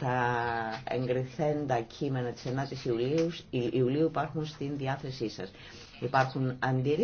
Τα εγκριθέντα κείμενα της 9ης Ιουλίου, Ιουλίου υπάρχουν στην διάθεσή σας. Υπάρχουν αντίρρηση.